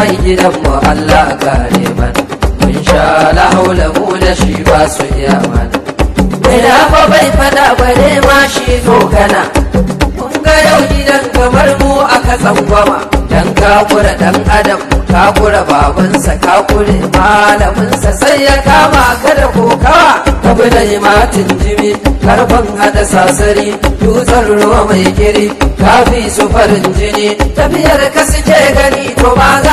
mai gidan mu Allah kare mana mun sha la haula da shi ba su iya man. Bila fa bai fada bare ma shi zo kana mun ga yau gidan kamar mu aka tsangwama dan kakura dan adam kakura babansa kakure malaminsa sai ya kama ka da kokawa ka bi da imatin jimi karfan hada sasari dutsen ruwa mai giri kafi su farin jini tafiyar ka suke gani to ba